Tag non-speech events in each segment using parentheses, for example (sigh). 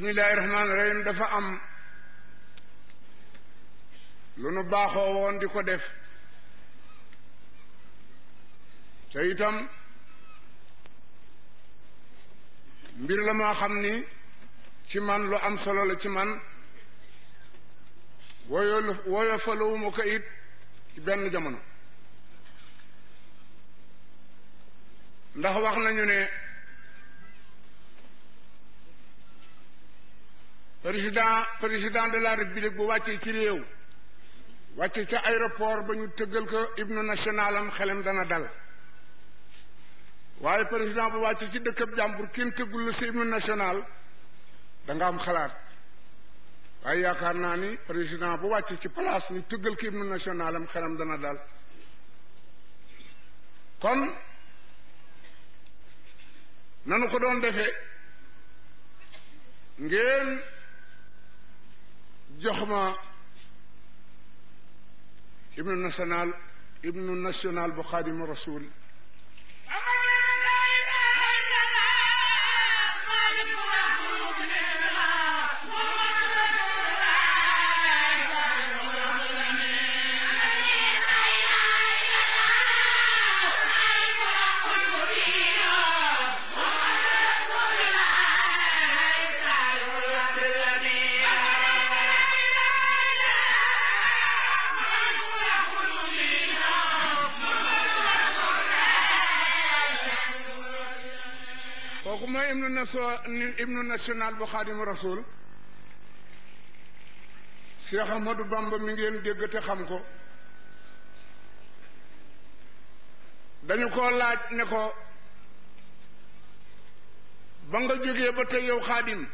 bismillaahi rahmaani rahim dafa am lu nu baaxoo woon di ko def te itam mbir la moo xam ni ci man lu am solo la ci man wooyo wooyofalowuma ko ci benn jamono ndax wax nañu ne président président de la république bu wàccee ci réew wàcce ca aéroport ba ñu tëggal ko hymne national am xelam dana dal waaye président bu wàcce ci dëkkab jàmbur kenn tëggul la sa hymne national danga am xalaat waaye yaakaar naa ni président bu wàcce ci place ñu tëggal ko hymne national am xelam dana dal kon nanu ko doon defee ngeen جحما ابن النسنال ابن النسنال بخادم الرسول ibnu national bu xaadimu rasul Cheikh Ahmadou Bamba mi ngeen dégg te xam ko dañu ko laaj ne ko ba nga jógee ba tey yow xaadim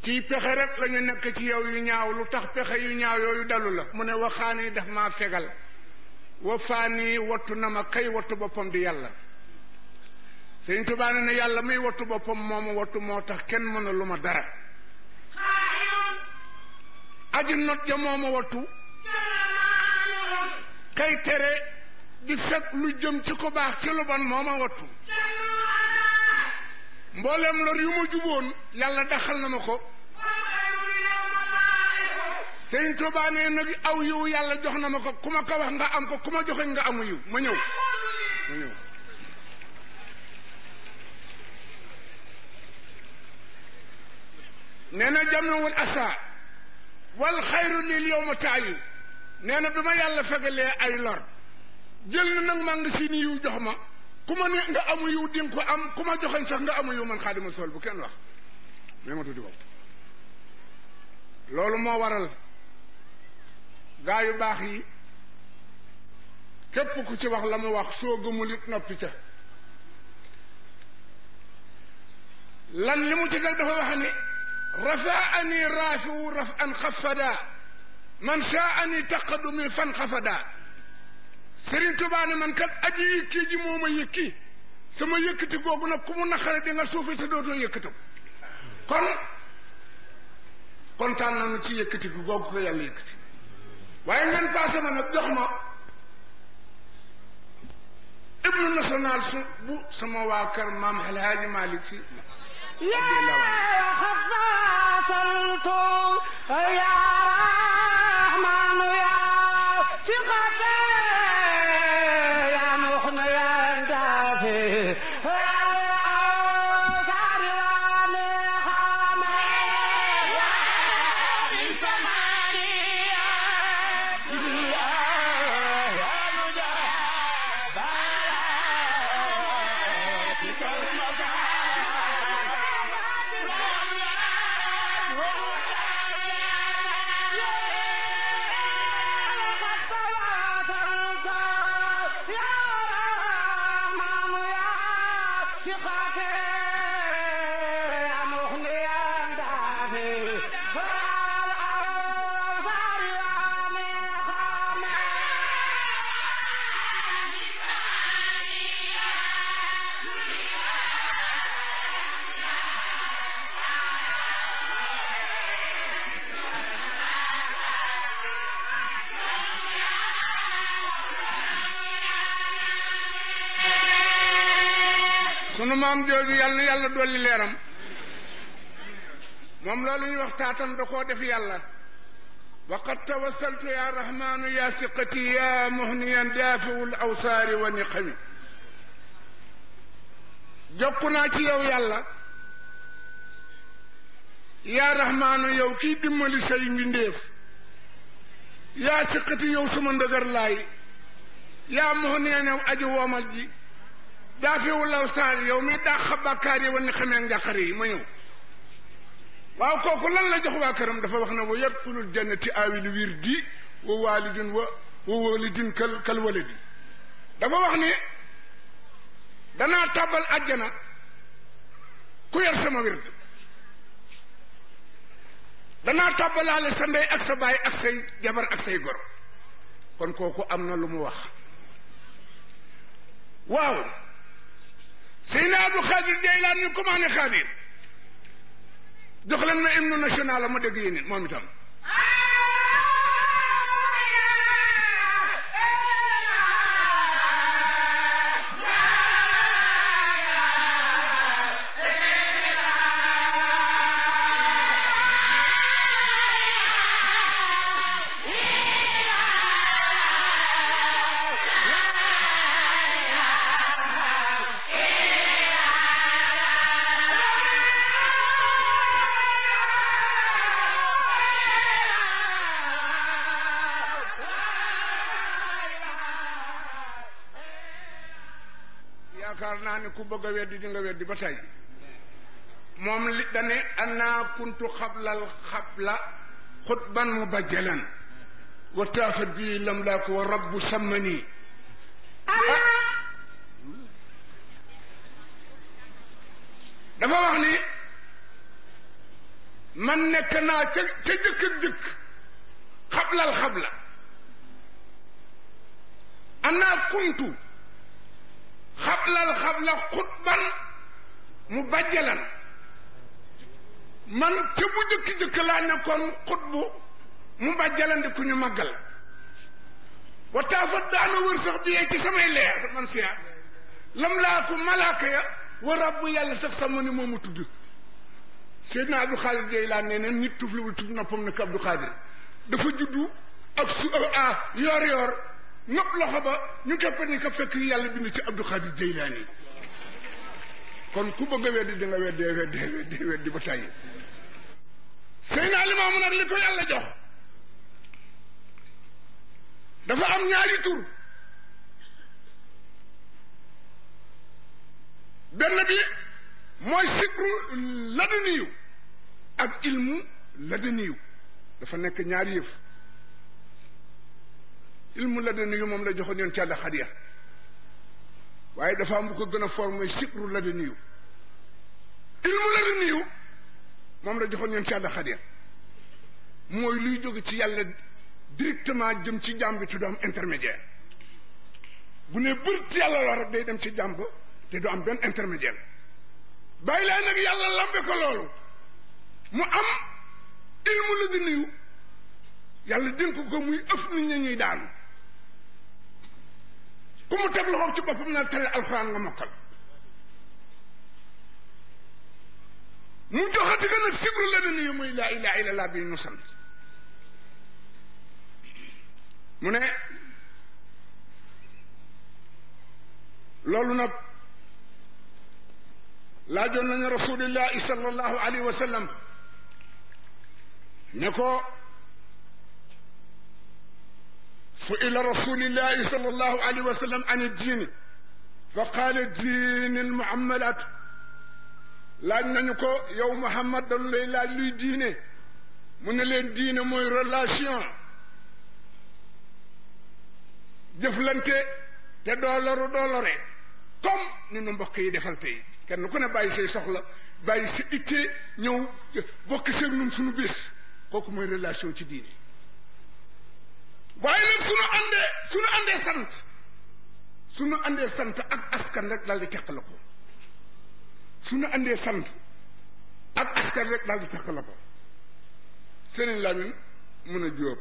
ci pexe rek lañu nekk ci yow yu ñaaw lu tax pexe yu ñaaw yooyu dalu la mu ne waxaani daf maa fegal wa faani wattu na ma kay wattu boppam di yàlla sëñ Tuubaa na yàlla muy wattu boppam moo ma wattu moo tax kenn mëna lu ma dara aji not ja moomu wattu kay tere di fekk lu jëm ci ko baax ci lu bon mooma wattu mboolem lor yu ma juboon yàlla daxal na ma ko sëñ Tuubaa ne nag aw yiw yàlla jox na ma ko ku ma ko nga am ko ku ma joxeñ nga amu yiw ma ñëw nee na jamnawul asa wal xayru lil yow ma taayu na bi ma yàlla fegalee ay lor jël na nag ngi si ni yiw jox ma ku ma ne nga amu yiw di nga ko am ku ma joxañ sax nga amu yiw man xaadima sol bu kenn wax mais ma tuddi bopp loolu moo waral gaa baax yi képp ku ci wax la mu wax soo gëmul it noppi ca lan li mu ci nag dafa wax ni رفعني رافع رفعا خفدا من شاءني تقدمي فانخفدا sëriñ Tuubaa ne man kat aji yëkkii ji moo ma yëkki sama yëkkati googu nag ku mu naqare di nga suufe te dootoo yëkkati kon kontaan nañu ci yëkkati gi googu ko yàlla yëkkati waaye ngeen passé ma nag jox ma hymne national su bu sama waa kër maam El Hadji Malick Si وصلت إلى سونمام جوجو يالنا يالنا دولي ليرم مملولي وقتاتن دخو دفي يالنا وقد توصلت يا رحمن يا سقتي يا مهنيا دافو الأوسار ونقمي جوكونا تيو يالنا يا رحمن يا كي دمالي شاي من ديف يا سقتي يو سمن دغر لاي يا مهنيا نو أجو ومجي دافي ولا وسال يومي داخ بكاري ونخم ينجخري ميو واو كو كل الله جخوا كرم دفا وخنا ويكل الجنة آوي الويردي ووالد ووالد كال كالولدي دفا وخني دنا تابل أجنا كو يرسم ويرد دنا تابل على سمي أكس باي أكس جبر أكس يقر كون كوكو أمنا لموخ واو wow. سينا دو خادر ديلان نكم عني خادر دخلن ما امنو ناشونالا مدقيني مومي تامو yaakaar naa ne ku bëgg a weddi di weddi ba tey moom li dane ana kuntu xablal xabla xutban mu bajjalan wa bi bii lam laa ko wa rabbu sammanii dafa wax ni man nekk naa ca ca jëkk ak jëkk xablal ana kuntu xablal xabla xutban mu bàjjalan man ca bu jëkk-jëkk laa nekkoon xutbu mu bàjjalan di ku ñu màggal wa taafa daana wër sax bi ci samay leer man siya lam laa malaaka ya wa rabbu yàlla sax sama ni moomu tudd Seydina Abdou Khadir Jeylaan nee na nit tufliwul tub noppam nag Abdou Khadir dafa juddu ak su a ah, yoor yoor نقلها با نكبر نكفك يا اللي بنت عبد الخالق جيلاني كن كوبا غير دي غير دي غير دي غير دي غير دي بتاعي سينا الإمام من اللي كل الله جه دفع من ياري تور بالنبي ما يشكر لدنيو أك علمو لدنيو دفع نك نياريف ilmu ladani yu moom la joxo yoon ci àlla xadiya waaye dafa am bu ko gën a formé sikru ladani yu ilmu ladani yu moom la joxoon yoon ci àlla xadiya mooy luy jóge ci yàlla directement jëm ci jàmm bi te du am intermédiaire bu ne bër yàlla la rek day dem ci jàmm ba te du am benn intermédiaire bàyyi laa nag yàlla lambe ko loolu mu am ilmu ladani yu yàlla dénk ko muy ëpp nit ñi ñuy ku mu teg loxoom ci boppam na tari alxuraan nga mokkal mu joxati gën a sibru la ne nuyu muy laa ilaha illa allah bi nu sant mu ne loolu nag laajoon nañu rasulillahi sallallahu alayhi wa sallam ne ko سئل رسول الله صلى الله عليه وسلم عن الدين فقال الدين المعملات لا ننكو يوم محمد الليلة لي ديني من لين دين موي رلاشيون جفلنتي دي دولار دولار كم ننو بكي دفلتي كان نكونا باي سي شخلا باي سي اتي نيو بكي سي نمسونو بيس كوكو موي رلاشيون تي ديني waaye nag suñu àndee suñu àndee sant suñu àndee sant ak askan rek daal di teqala ko àndee sant ak askan rek daal di la ko Sëriñ Lamin mun a jóob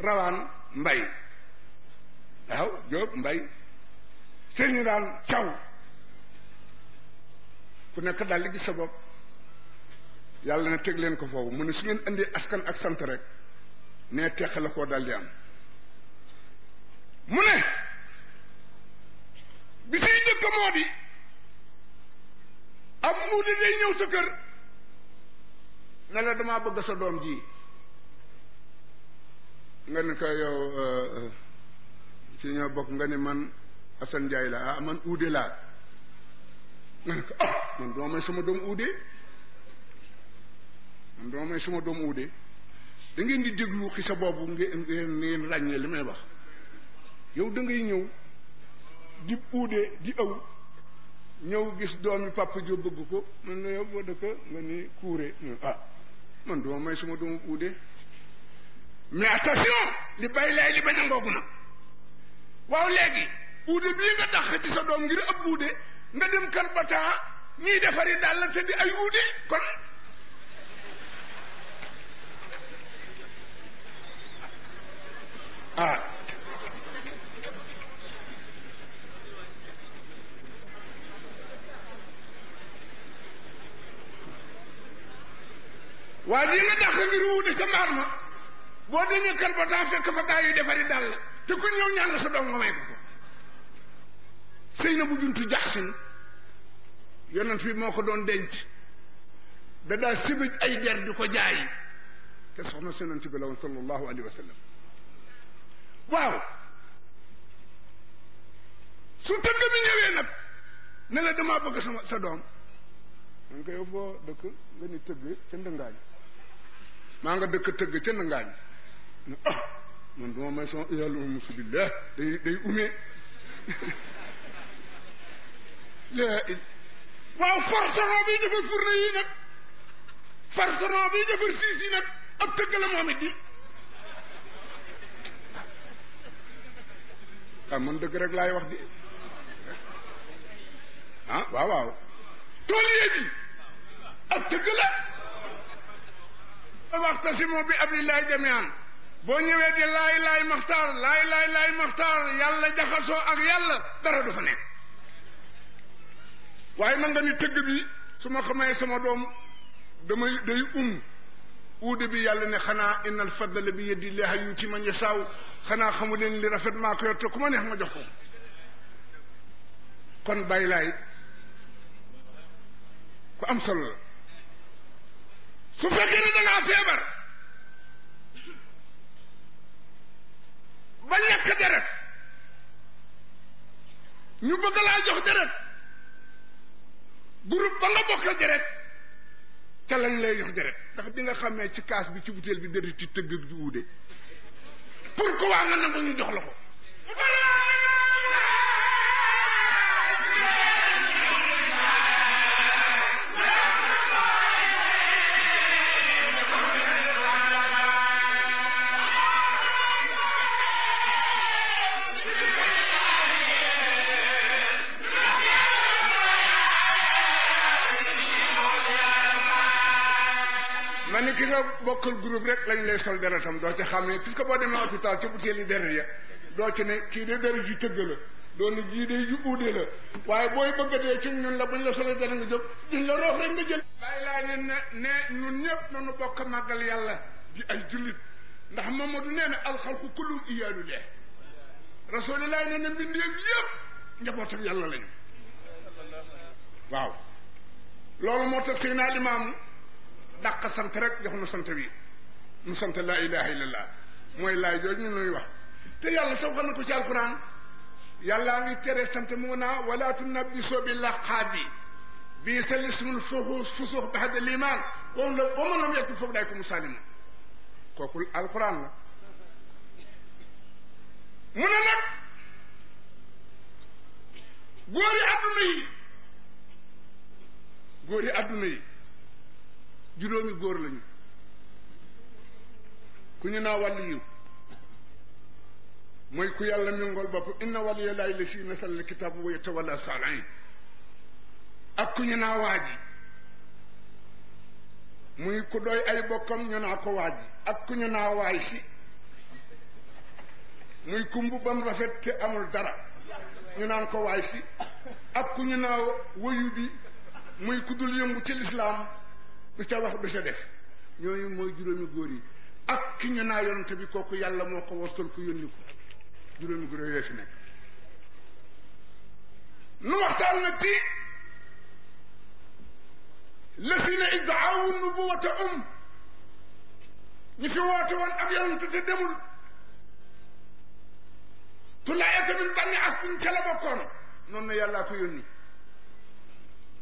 rawaan mbay waaw jóob mbay sëriñ daan caw ku nekk daal di gis sa bopp yàlla na teg leen ko foofu mu ne su ngeen àndee askan ak sant rek ne teq la koo dal di am mu ne bi siy njëkk moo di ab muude day ñëw sa kër ne damaa bëgg sa doom ji nga ne ko yow euh, euh, si ñoo bokk nga ni man Assane Ndiaye la ah man uude laa nga ne ko ah, man duma may sama doom uude man duma may sama doom uude da ngeen di déglu xisa boobu ngeen ngeen ràññee li may wax yow da ñëw di uude di aw ñëw gis doomi papa jo bëgg ko man la yow boo dëkk nga ni kuure ah suma doomu uude mais attention li bay lay li bañ a ngoogu na waaw léegi uude bii nga tax ci sa doom ngir ab uude nga dem kan bataa ñiy defari dàll te di ay uude kon ah waa ji la dàq ngir wuute ca mbaar ma boo dañu kër ba taa fekk fa gaa yu defari dal la te ku ñëw ñaan la sa doom nga may na bu jaxsin yonent bi moo ko doon denc da daa ay der di ko jaay te soxna si yonent bi la woon sallallahu alayhi wa sallam waaw su tëgg bi ñëwee nag ne damaa bëgg sama sa doom man ko yow foo dëkk nga ni tëgg ca ndëngaañ maa nga dëkk tëgg ca ndëngaañ ne ah man duma may son yàlla musu billah day day umee (laughs) waaw forceron bi defar fourne yi nag forceron bi defar siis yi nag ab tëgg moom it di ah man dëgg rek laay wax di ah, waaw waaw tooliyee bi ak ah, dëgg la ah, waxtasimu bi ablillahi jamian boo ñëwee di laay laay maxtaar laay laay laay maxtaar yàlla jaxasoo ak yàlla dara du fa nekk waaye man nga ni tëgg bi su ma xamee sama doom damay day um uude bi yàlla ne xanaa innal fadla bi yadillahi yuuti man yasaaw xanaa xamu leen li rafet maa ko yor te ku ma neex ma jox ko kon bàyyi laay am solo la su fekkee ne dangaa feebar ba ñàkk deret ñu bëgg laa jox deret groupe ba nga bokk deret ca lañ lay jox deret ndax di nga xamee ci kaas bi ci butéel bi deret ci tëgg ak ju uude pourquoi nga nangu ñu jox la ko bokkal groupe rek lañ lay sol deretam doo ca xam ne puisque boo demee hôpital ca butéeli deret ya doo ci ne kii de ji tëgg la doo ne jii la waaye booy bëgg a dee ci la buñ la solee deret nga jóg duñ la roof ne ne ne ñun ñëpp nanu bokk màggal yàlla di ndax Mamadou nee na alxalqu kullum iyaalu lee rasulilah nee na mbindeef yëpp njabootam yàlla lañu waaw dàq sant rek jox nu sant bi nu sant laa ilaha illallah mooy laay jooju ñu nuy wax te yàlla sawxal na ko ci alquran yàllaa ngi tere sant mu naa wala tunabbisu bi laqaabi bii sa lismul fuxuus fusuux baxda limaan wam la wa man lam yakun foofu day ko musaalimu kooku alquran la mu ne nag góori adduna yi góori adduna yi juróomi góor lañu ku ñu naa wàlli yiw mooy ku yàlla méngool bopp inna waliya laay la si nasal la kitaabu wa yatawalla saalihin ak ku ñu naa waaji muy ku doy ay bokkam ñu naa ko waaji ak ku ñu naa waay muy ku mbubbam rafet te amul dara ñu naan ko waay ak ku ñu naa wayu bi muy ku dul yëngu ci lislaam du ca wax ñooñu mooy juróomi góor yi ak ki ñu naa yonante bi kooku yàlla moo ko wasal ko yónni ko juróomi góor yooyu fi nekk nu waxtaan nag ci lesina iddaawu nubuwata um ñu fi woote woon ak yonante te demul tulaayata min banni astin ca la bokkoon noonu na yàllaa ko yónni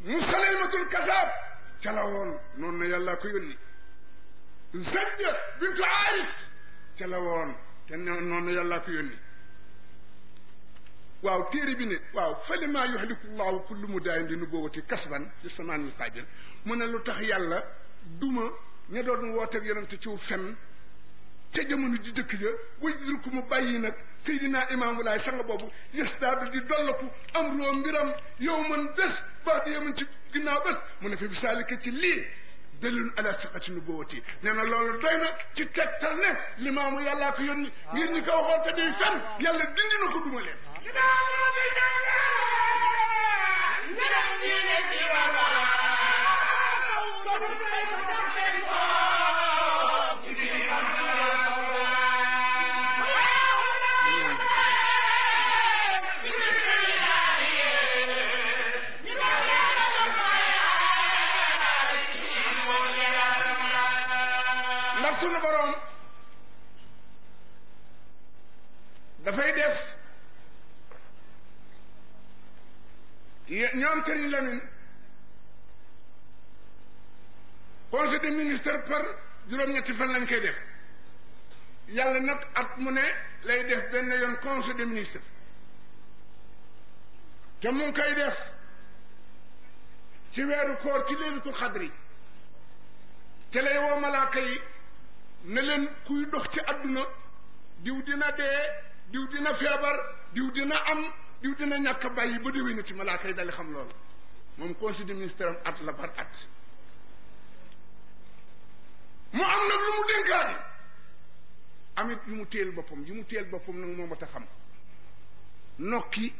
musaleymatul kasaab ca la woon noonu na yàlla ko yónni Zaynab bintu Haaris ca te noonu na yàlla ko yónni waaw téere bi ne waaw falima yuhliku llahu kullu mudaayin li nubuwwati kasban fi samaanil qaabil mu ne lu tax yàlla duma ña doon wooteeg yonente ci fen ca jamono ji jëkk ja way jur ko mu bàyyi nag seydinaa imaamu laay sang boobu yestaadu di dollaku am roo mbiram yow man bés baatu yow man ci ginnaaw mu ne fi bisaalika ci lii dalilun ala siqati nubuwwati nee na loolu doy na ci tegtal ne limaamu yàllaa ko yónni ngir ñi ko waxoon te day fen yàlla dindi na ko duma leen ndax sunu boroom dafay def ñoom Sëriñ Lamin conseil des ministres par juróom-ñetti fan lañ koy def yàlla nag at mu ne lay def benn yoon conseil des ministres te mu ngi koy def ci weeru koor ci léegi ko xadri te lay woo malaaka yi ne leen kuy dox ci àdduna diw dina dee diw dina feebar diw dina am diw dina ñàkk a bàyyi ba déwénu ci malaaka yi dali xam loolu moom conseil des ministres am at la par at mu am nag lu mu dénkaani amit yu mu téel boppam yu mu téel boppam nag moom a xam nokki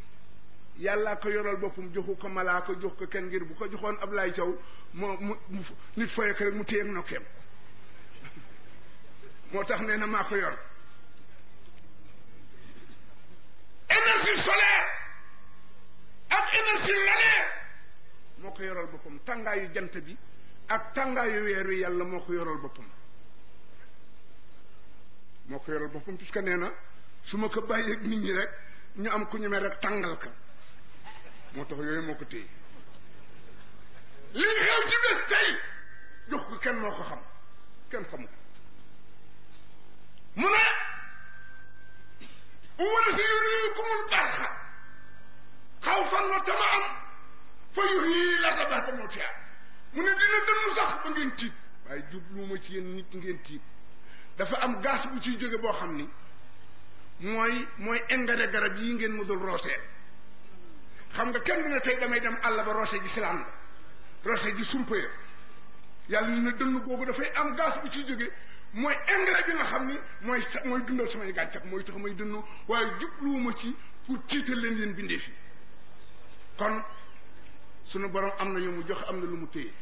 yàllaa ko yoral boppam joxu ko malaaka jox ko kenn ngir bu ko joxoon Ablaye Thiaw moo mu nit foye ko rek mu téye nokkeem moo tax nee na maa ko yor énergie solaire ak énergie lunaire moo ko yoral boppam tàngaayu jant bi ak tàngaayu weeru yàlla moo ko yoral boppam moo ko yoral boppam puisque nee na su ma ko bàyyeeg nit ñi rek ñu am ku ñu mel rek tàngal ka moo tax yooyu moo ko téye li xew ci bés tey jox ko kenn moo ko xam kenn xamu ko mu ne wala si yuriikumul barxa xawfan wa tamaan fa yuhyi la tabaata mawtiha mu ne dina dënnu sax ba ngeen tiit waaye jubluuma ci yéen nit ngeen tiit dafa am gaas bu ciy jóge boo xam ni mooy mooy engrais garab yi ngeen mu dul rooseel xam nga kenn dina tey damay dem àll ba roose ji silaan ba roose ji sumpa ya yàlla na dënn googu dafay am gaas bu ciy jóge mooy engrais bi xam ni mooy sa mooy dundal samay gàncax mooy tax may dënnu waaye jubluwuma ci pour tiital leen leen bindee fi kon sunu borom am na yu mu jox am na lu mu téye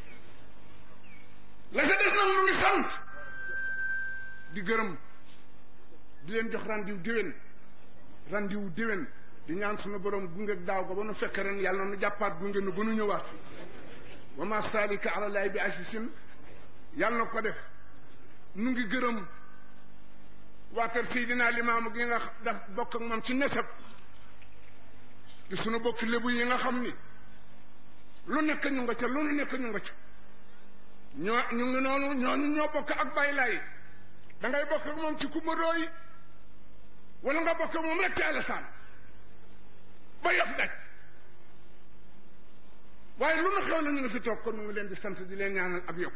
la sa des nag mu ngi sant di gërëm di leen jox rendiw déwén rendiw déwén di ñaan sunu borom gunge daaw ko ba nu fekk ren yàlla na nu jàppaat gunge nu ba ñëwaat fi wa ma saalika ala laay bi asisin yàlla na ko def nu ngi gërëm waa kër Seydina Limaamu gi nga daf bokk moom ci nesab di sunu bokki lébu yi nga xam ni lu nekk ñu nga ca lu nu nekk ñu nga ca ñoo ñu ngi ñoo bokk ak baylaay da ngay bokk moom ci kumba dooy wala nga bokk ak moom rek ci alasaan ba yof daj waaye lu nu xew na ñu ngi fi toog kon leen di sant di leen ñaanal ab yokk